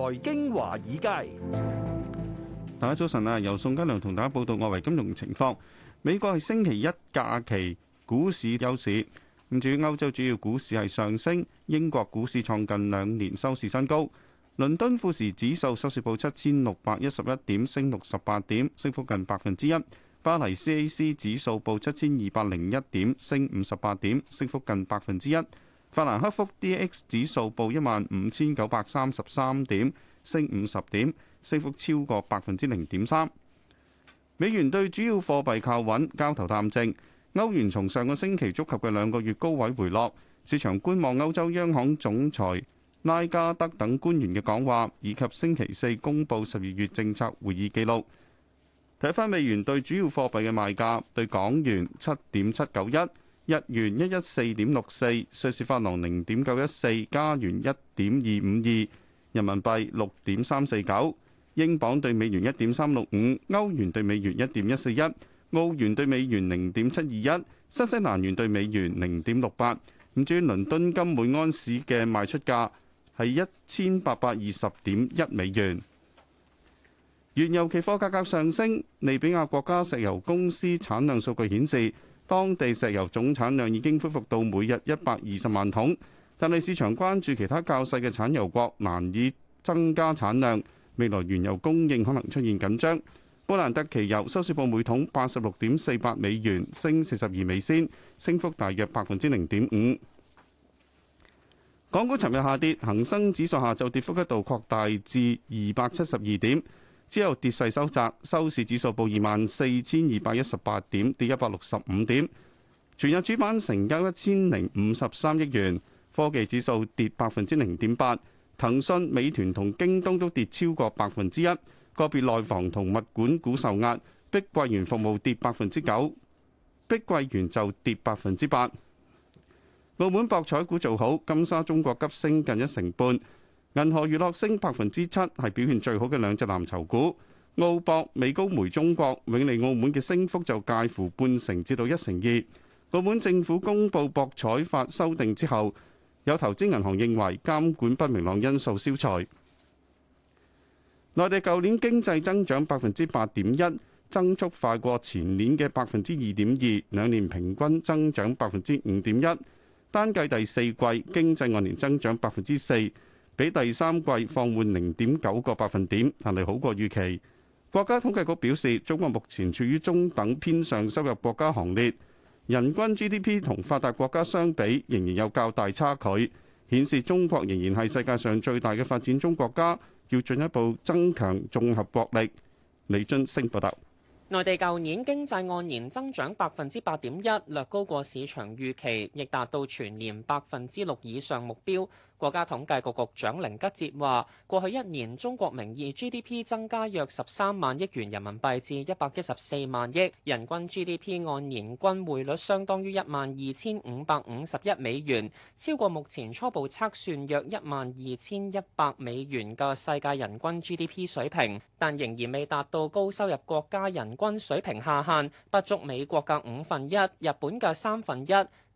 財經華爾街，大家早晨啊！由宋嘉良同大家報道外圍金融情況。美國係星期一假期，股市休市。至於歐洲主要股市係上升，英國股市創近兩年收市新高。倫敦富時指數收市報七千六百一十一點，升六十八點，升幅近百分之一。巴黎 CAC 指數報七千二百零一點，升五十八點，升幅近百分之一。法蘭克福 DAX 指數報一萬五千九百三十三點，升五十點，升幅超過百分之零點三。美元對主要貨幣靠穩，交投淡靜。歐元從上個星期觸及嘅兩個月高位回落，市場觀望歐洲央行總裁拉加德等官員嘅講話，以及星期四公布十二月政策會議記錄。睇返美元對主要貨幣嘅賣價，對港元七點七九一。日元一一四點六四，瑞士法郎零點九一四，加元一點二五二，人民幣六點三四九，英鎊對美元一點三六五，歐元對美元一點一四一，澳元對美元零點七二一，新西蘭元對美元零點六八五。咁至於倫敦金每安士嘅賣出價係一千八百二十點一美元。原油期貨價格上升，利比亞國家石油公司產量數據顯示。當地石油總產量已經恢復到每日一百二十萬桶，但係市場關注其他較細嘅產油國難以增加產量，未來原油供應可能出現緊張。布蘭特期油收市報每桶八十六點四百美元，升四十二美仙，升幅大約百分之零點五。港股尋日下跌，恒生指數下晝跌幅一度擴大至二百七十二點。之後跌勢收窄，收市指數報二萬四千二百一十八點，跌一百六十五點。全日主板成交一千零五十三億元，科技指數跌百分之零點八，騰訊、美團同京東都跌超過百分之一。個別內房同物管股受壓，碧桂園服務跌百分之九，碧桂園就跌百分之八。澳門博彩股做好，金沙中國急升近一成半。銀河娛樂升百分之七，係表現最好嘅兩隻藍籌股。澳博、美高梅、中國、永利澳門嘅升幅就介乎半成至到一成二。澳門政府公布博彩法修訂之後，有投資銀行認為監管不明朗因素消除。內地舊年經濟增長百分之八點一，增速快過前年嘅百分之二點二，兩年平均增長百分之五點一，單計第四季經濟按年增長百分之四。比第三季放緩零點九個百分點，但係好過預期。國家統計局表示，中國目前處於中等偏上收入國家行列，人均 GDP 同發達國家相比仍然有較大差距，顯示中國仍然係世界上最大嘅發展中國家，要進一步增強綜合國力。李津升報道，內地舊年經濟按年增長百分之八點一，略高過市場預期，亦達到全年百分之六以上目標。國家統計局局長寧吉喆話，過去一年中國名義 GDP 增加約十三萬億元人民幣，至一百一十四萬億，人均 GDP 按年均匯率相當於一萬二千五百五十一美元，超過目前初步測算約一萬二千一百美元嘅世界人均 GDP 水平，但仍然未達到高收入國家人均水平下限，不足美國嘅五分一，日本嘅三分一。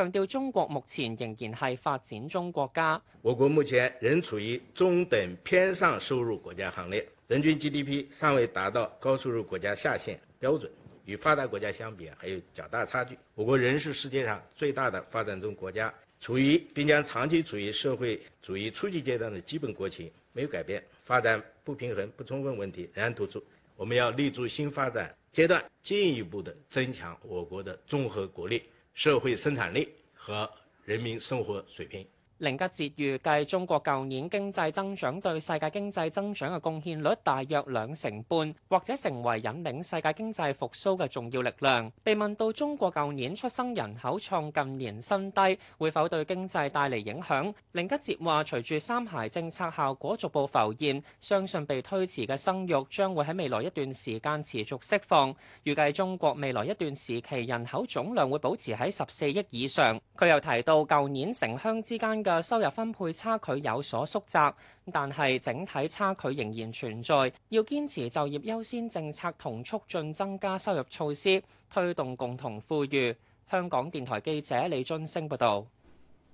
強調中國目前仍然是發展中國家，我國目前仍處於中等偏上收入國家行列，人均 GDP 尚未達到高收入國家下限標準。與發達國家相比還有較大差距。我國仍是世界上最大的發展中國家，處於並將長期處於社會主義初級階段的基本國情沒有改變，發展不平衡不充分問題仍然突出。我們要立足新發展階段，進一步的增強我國的綜合國力。社會生產力和人民生活水平。寧吉喆預計中國舊年經濟增長對世界經濟增長嘅貢獻率大約兩成半，或者成為引領世界經濟復甦嘅重要力量。被問到中國舊年出生人口創近年新低，會否對經濟帶嚟影響？寧吉喆話：隨住三孩政策效果逐步浮現，相信被推遲嘅生育將會喺未來一段時間持續釋放。預計中國未來一段時期人口總量會保持喺十四億以上。佢又提到舊年城鄉之間嘅收入分配差距有所縮窄，但係整體差距仍然存在。要堅持就業優先政策同促進增加收入措施，推動共同富裕。香港電台記者李俊升報道。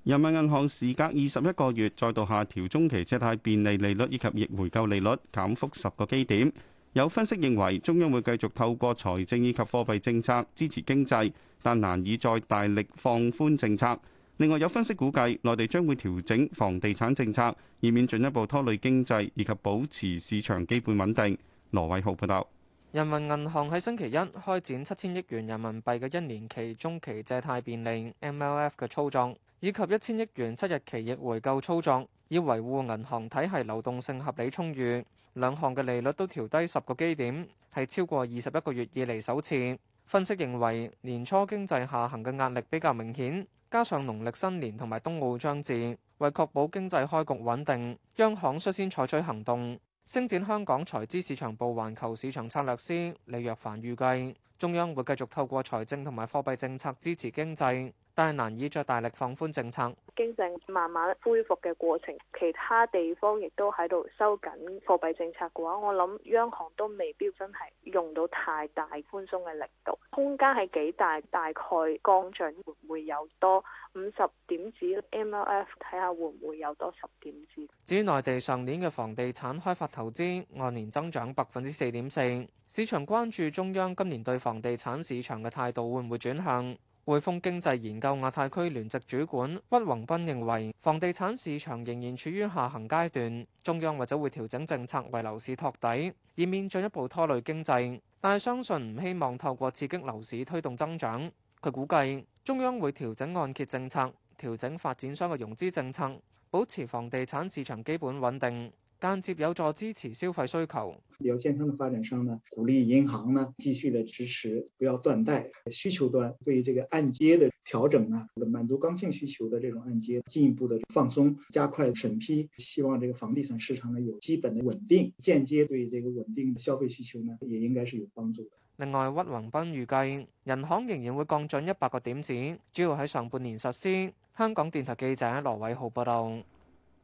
人民銀行時隔二十一個月再度下調中期借貸便利利率以及逆回購利率，減幅十個基點，有分析認為中央會繼續透過財政以及貨幣政策支持經濟，但難以再大力放寬政策。另外有分析估計，內地將會調整房地產政策，以免進一步拖累經濟，以及保持市場基本穩定。羅偉浩報道。人民銀行喺星期一開展七千億元人民幣嘅一年期中期借貸便利 （MLF） 嘅操作，以及一千億元七日期逆回購操作，以維護銀行體系流動性合理充裕。兩項嘅利率都調低十個基點，係超過二十一個月以嚟首次。分析認為，年初經濟下行嘅壓力比較明顯。加上農曆新年同埋冬奧將至，為確保經濟開局穩定，央行率先採取行動。星展香港財資市場部環球市場策略師李若凡預計，中央會繼續透過財政同埋貨幣政策支持經濟。但係難以再大力放寬政策，經濟慢慢恢復嘅過程，其他地方亦都喺度收緊貨幣政策嘅話，我諗央行都未必真係用到太大寬鬆嘅力度，空間係幾大？大概降準會唔會有多五十點子 MLF？睇下會唔會有多十點子。至於內地上年嘅房地產開發投資按年增長百分之四點四，市場關注中央今年對房地產市場嘅態度會唔會轉向？匯豐經濟研究亞太區聯席主管屈宏斌認為，房地產市場仍然處於下行階段，中央或者會調整政策為樓市托底，以免進一步拖累經濟。但係相信唔希望透過刺激樓市推動增長。佢估計中央會調整按揭政策，調整發展商嘅融資政策，保持房地產市場基本穩定。間接有助支持消費需求。比較健康嘅發展商呢，鼓勵銀行呢繼續的支持，不要斷貸。需求端對於這個按揭的調整啊，滿足剛性需求的這種按揭，進一步的放鬆，加快審批，希望這個房地產市場呢有基本的穩定，間接對於這個穩定消費需求呢也應該是有幫助的。另外，屈宏斌預計人行仍然會降準一百個點子，主要喺上半年實施。香港電台記者羅偉浩報道。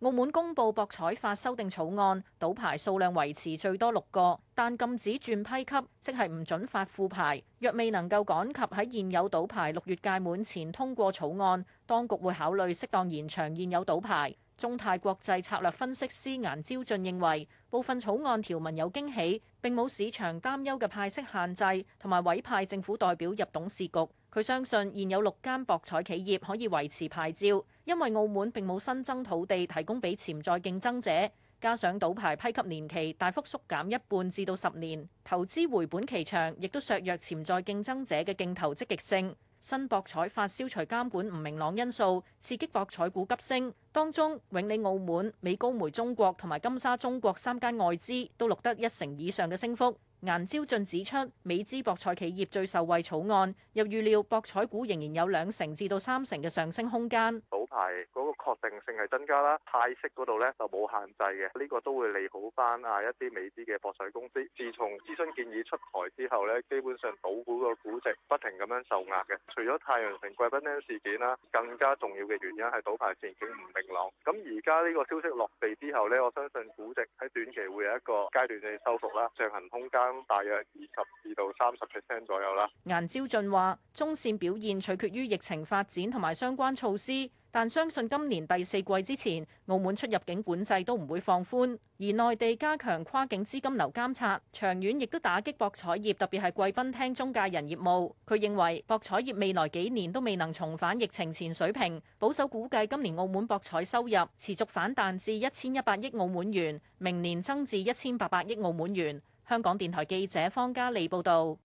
澳門公布博彩法修訂草案，賭牌數量維持最多六個，但禁止轉批給，即係唔准發副牌。若未能夠趕及喺現有賭牌六月屆滿前通過草案，當局會考慮適當延長現有賭牌。中泰國際策略分析師顏朝俊認為，部分草案條文有驚喜，并冇市場擔憂嘅派息限制同埋委派政府代表入董事局。佢相信現有六間博彩企業可以維持牌照，因為澳門並冇新增土地提供俾潛在競爭者，加上賭牌批給年期大幅縮減一半至到十年，投資回本期長亦都削弱潛在競爭者嘅競投積極性。新博彩法消除監管唔明朗因素，刺激博彩股急升，當中永利澳門、美高梅中國同埋金沙中國三間外資都錄得一成以上嘅升幅。顏朝俊指出，美資博彩企業最受惠草案，又預料博彩股仍然有兩成至到三成嘅上升空間。牌嗰個確定性係增加啦，派息嗰度咧就冇限制嘅，呢個都會利好翻啊一啲美資嘅博彩公司。自從諮詢建議出台之後咧，基本上賭股個估值不停咁樣受壓嘅。除咗太陽城貴賓廳事件啦，更加重要嘅原因係賭牌前景唔明朗。咁而家呢個消息落地之後咧，我相信估值喺短期會有一個階段嘅收復啦，上行空間大約二十二到三十 percent 左右啦。顏朝俊話：中線表現取決於疫情發展同埋相關措施。但相信今年第四季之前，澳門出入境管制都唔會放寬，而內地加強跨境資金流監察，長遠亦都打擊博彩業，特別係貴賓廳中介人業務。佢認為博彩業未來幾年都未能重返疫情前水平，保守估計今年澳門博彩收入持續反彈至一千一百億澳門元，明年增至一千八百億澳門元。香港電台記者方嘉莉報道。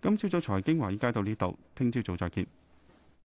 今朝早財經華爾街到呢度，聽朝早再見。